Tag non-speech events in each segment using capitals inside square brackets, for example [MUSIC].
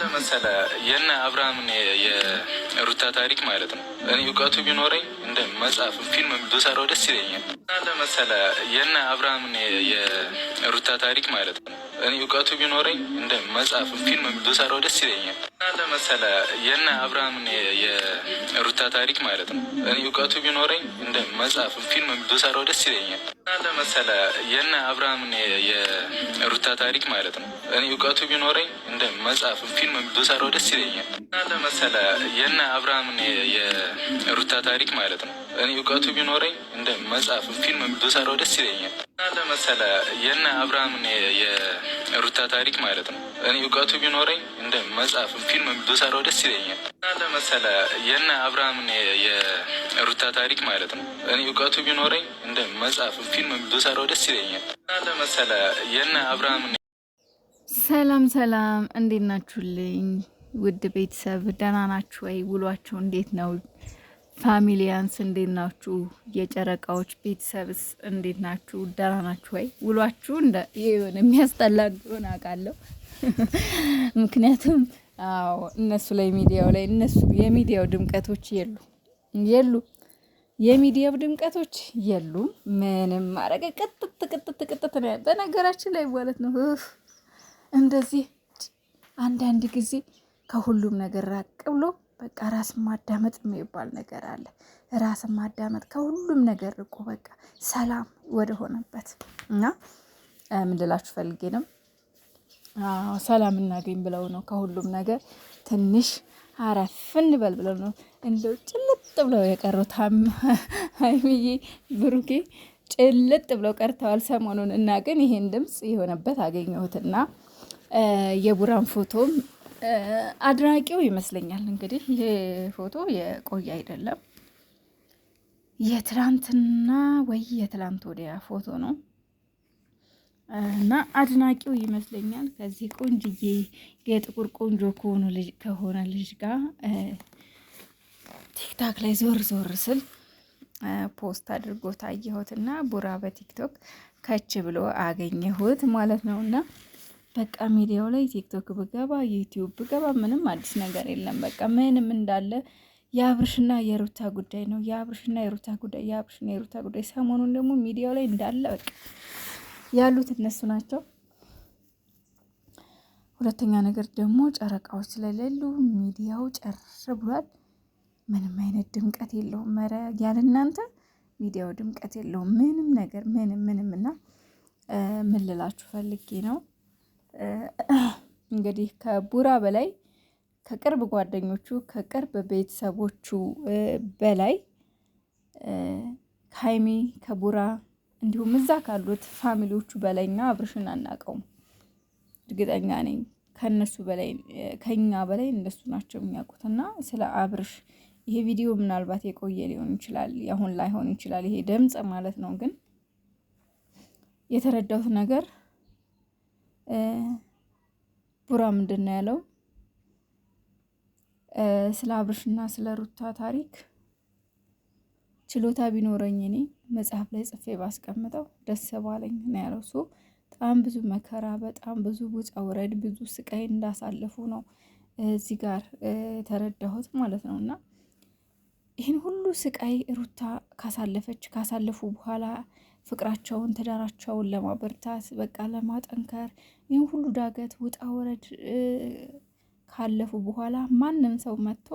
ለመሰለ የነ አብርሃምን የሩታ ታሪክ ማለት ነው። እኔ እውቀቱ ቢኖረኝ እንደ መጽሐፍ ፊልም ብሰራው ደስ ይለኛል። ለመሰለ የነ አብርሃምን የሩታ ታሪክ ማለት ነው። እኔ እውቀቱ ቢኖረኝ እንደ መጽሐፍ ፊልም ብሰራው ደስ ይለኛል። እናንተ መሰለ የነ አብርሃምን የሩታ ታሪክ ማለት ነው። እኔ እውቀቱ ቢኖረኝ እንደ መጽሐፍ ፊልም ብሰራው ደስ ይለኛል። እናንተ መሰለ የነ አብርሃምን የሩታ ታሪክ ማለት ነው። እኔ እውቀቱ ቢኖረኝ እንደ መጽሐፍ ፊልም ብሰራው ደስ ይለኛል። እናንተ መሰለ የነ አብርሃምን የሩታ ታሪክ ማለት ነው። እኔ እውቀቱ ቢኖረኝ እንደ መጽሐፍ ፊልም ብሰራው ደስ ይለኛል። መሰለ የነ አብርሃምን የሩታ ታሪክ ማለት ነው። እኔ እውቀቱ ቢኖረኝ እንደ መጽሐፍ ፊልም ብሰራው ደስ ይለኛል። መሰለ የነ አብርሃምን የሩታ ታሪክ ማለት ነው። እኔ እውቀቱ ቢኖረኝ እንደ መጽሐፍ ፊልም ብሰራው ደስ ይለኛል። መሰለ የነ አብርሃምን ሰላም ሰላም፣ እንዴት ናችሁልኝ ውድ ቤተሰብ? ደህና ናችሁ ወይ? ውሏቸው እንዴት ነው? ፋሚሊያንስ እንዴት ናችሁ? የጨረቃዎች ቤተሰብስ እንዴት ናችሁ? ደህና ናችሁ ወይ? ውሏችሁ የሆነ የሚያስጠላ ሆን አውቃለሁ። [LAUGHS] ምክንያቱም አዎ እነሱ ላይ ሚዲያው ላይ እነሱ የሚዲያው ድምቀቶች የሉ የሉ የሚዲያው ድምቀቶች የሉም። ምንም ማረገ ቅጥት ቅጥት ቅጥት ነው። በነገራችን ላይ ማለት ነው እንደዚህ አንዳንድ ጊዜ ከሁሉም ነገር ራቅ ብሎ በቃ ራስን ማዳመጥ የሚባል ነገር አለ። ራስን ማዳመጥ ከሁሉም ነገር ርቆ በቃ ሰላም ወደ ሆነበት እና ምንድላችሁ ፈልጌ ነው ሰላም እናገኝ ብለው ነው ከሁሉም ነገር ትንሽ አረፍ እንበል ብለው ነው እንደው ጭልጥ ብለው የቀሩት ሀይሚዬ ብሩኬ ጭልጥ ብለው ቀርተዋል ሰሞኑን እና ግን ይሄን ድምፅ የሆነበት አገኘሁትና የቡራን ፎቶም አድራቂው ይመስለኛል እንግዲህ ይሄ ፎቶ የቆየ አይደለም። የትላንትና ወይ የትላንት ወዲያ ፎቶ ነው እና አድናቂው ይመስለኛል ከዚህ ቆንጅዬ የጥቁር ቆንጆ ልጅ ከሆነ ልጅ ጋር ቲክታክ ላይ ዞር ዞር ስል ፖስት አድርጎ ታየሁት እና ቡራ በቲክቶክ ከች ብሎ አገኘሁት ማለት ነው እና በቃ ሚዲያው ላይ ቲክቶክ ብገባ ዩቲዩብ ብገባ ምንም አዲስ ነገር የለም። በቃ ምንም እንዳለ የአብርሽና የሩታ ጉዳይ ነው። የአብርሽና የሩታ ጉዳይ፣ የአብርሽና የሩታ ጉዳይ። ሰሞኑን ደግሞ ሚዲያው ላይ እንዳለ በቃ ያሉት እነሱ ናቸው። ሁለተኛ ነገር ደግሞ ጨረቃዎች ስለሌሉ ሚዲያው ጨር ብሏል። ምንም አይነት ድምቀት የለውም። መረ ያለ እናንተ ሚዲያው ድምቀት የለውም። ምንም ነገር ምንም ምንም እና ምልላችሁ ፈልጌ ነው [CLEARS THROAT] እንግዲህ ከቡራ በላይ ከቅርብ ጓደኞቹ ከቅርብ ቤተሰቦቹ በላይ ከሀይሚ ከቡራ እንዲሁም እዛ ካሉት ፋሚሊዎቹ በላይና አብርሽን አናውቀውም። እርግጠኛ ነኝ ከእነሱ በላይ ከኛ በላይ እነሱ ናቸው የሚያውቁት። እና ስለ አብርሽ ይሄ ቪዲዮ ምናልባት የቆየ ሊሆን ይችላል፣ አሁን ላይሆን ይችላል። ይሄ ድምፅ ማለት ነው። ግን የተረዳሁት ነገር ቡራ ምንድን ነው ያለው? ስለ አብርሽና ስለ ሩታ ታሪክ ችሎታ ቢኖረኝ እኔ መጽሐፍ ላይ ጽፌ ባስቀምጠው ደስ ባለኝ ነው ያለው። እሱ በጣም ብዙ መከራ፣ በጣም ብዙ ውጣ ውረድ፣ ብዙ ስቃይ እንዳሳለፉ ነው እዚህ ጋር ተረዳሁት ማለት ነው። እና ይህን ሁሉ ስቃይ ሩታ ካሳለፈች ካሳለፉ በኋላ ፍቅራቸውን፣ ትዳራቸውን ለማበርታት በቃ ለማጠንከር ይህን ሁሉ ዳገት ውጣ ወረድ ካለፉ በኋላ ማንም ሰው መጥቶ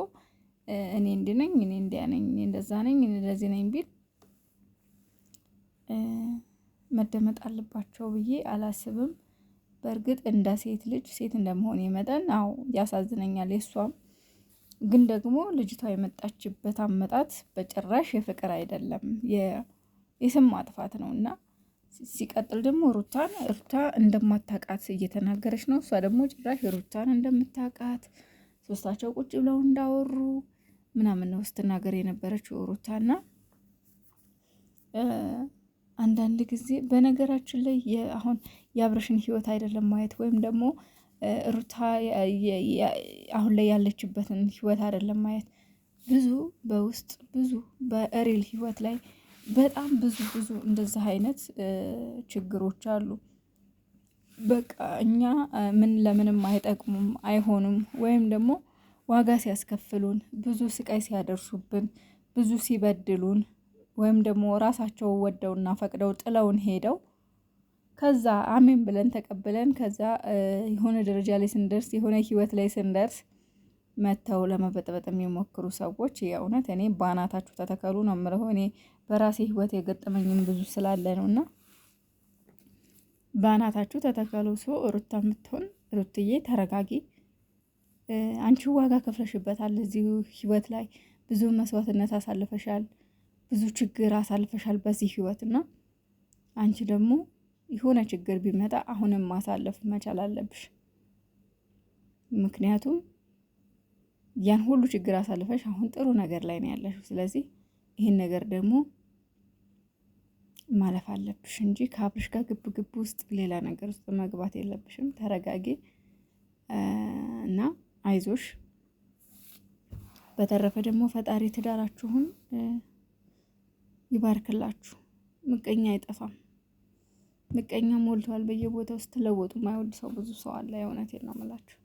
እኔ እንዲህ ነኝ፣ እኔ እንዲያ ነኝ፣ እኔ እንደዛ ነኝ፣ እኔ እንደዚህ ነኝ ቢል መደመጥ አለባቸው ብዬ አላስብም። በእርግጥ እንደ ሴት ልጅ ሴት እንደመሆን መጠን አዎ ያሳዝነኛል። የእሷም ግን ደግሞ ልጅቷ የመጣችበት አመጣት በጭራሽ የፍቅር አይደለም። የስም ማጥፋት ነው እና ሲቀጥል ደግሞ ሩታን ሩታ እንደማታቃት እየተናገረች ነው። እሷ ደግሞ ጭራሽ ሩታን እንደምታቃት ሶስታቸው ቁጭ ብለው እንዳወሩ ምናምን ነው ስትናገር የነበረችው ሩታና አንዳንድ ጊዜ በነገራችን ላይ አሁን የአብረሽን ህይወት አይደለም ማየት ወይም ደግሞ ሩታ አሁን ላይ ያለችበትን ህይወት አይደለም ማየት ብዙ በውስጥ ብዙ በሪል ህይወት ላይ በጣም ብዙ ብዙ እንደዚህ አይነት ችግሮች አሉ። በቃ እኛ ምን ለምንም አይጠቅሙም አይሆኑም፣ ወይም ደግሞ ዋጋ ሲያስከፍሉን፣ ብዙ ስቃይ ሲያደርሱብን፣ ብዙ ሲበድሉን፣ ወይም ደግሞ ራሳቸው ወደውና ፈቅደው ጥለውን ሄደው ከዛ አሜን ብለን ተቀብለን ከዛ የሆነ ደረጃ ላይ ስንደርስ የሆነ ህይወት ላይ ስንደርስ መተው ለመበጠበጥ የሚሞክሩ ሰዎች የእውነት እኔ በአናታችሁ ተተከሉ ነው የምለው። እኔ በራሴ ህይወት የገጠመኝም ብዙ ስላለ ነው እና በአናታችሁ ተተከሉ። ሰው ሩታ የምትሆን ሩትዬ ተረጋጊ። አንቺ ዋጋ ከፍለሽበታል። እዚሁ ህይወት ላይ ብዙ መስዋዕትነት አሳልፈሻል፣ ብዙ ችግር አሳልፈሻል በዚህ ህይወት እና አንቺ ደግሞ የሆነ ችግር ቢመጣ አሁንም ማሳለፍ መቻል አለብሽ ምክንያቱም ያን ሁሉ ችግር አሳልፈሽ አሁን ጥሩ ነገር ላይ ነው ያለሽው። ስለዚህ ይህን ነገር ደግሞ ማለፍ አለብሽ እንጂ ከአብርሽ ጋር ግብ ግብ ውስጥ ሌላ ነገር ውስጥ መግባት የለብሽም። ተረጋጊ እና አይዞሽ። በተረፈ ደግሞ ፈጣሪ ትዳራችሁን ይባርክላችሁ። ምቀኛ አይጠፋም። ምቀኛ ሞልተዋል በየቦታው ስትለወጡ፣ የማይወድ ሰው ብዙ ሰው አለ። የእውነቴን ነው የምላችሁ።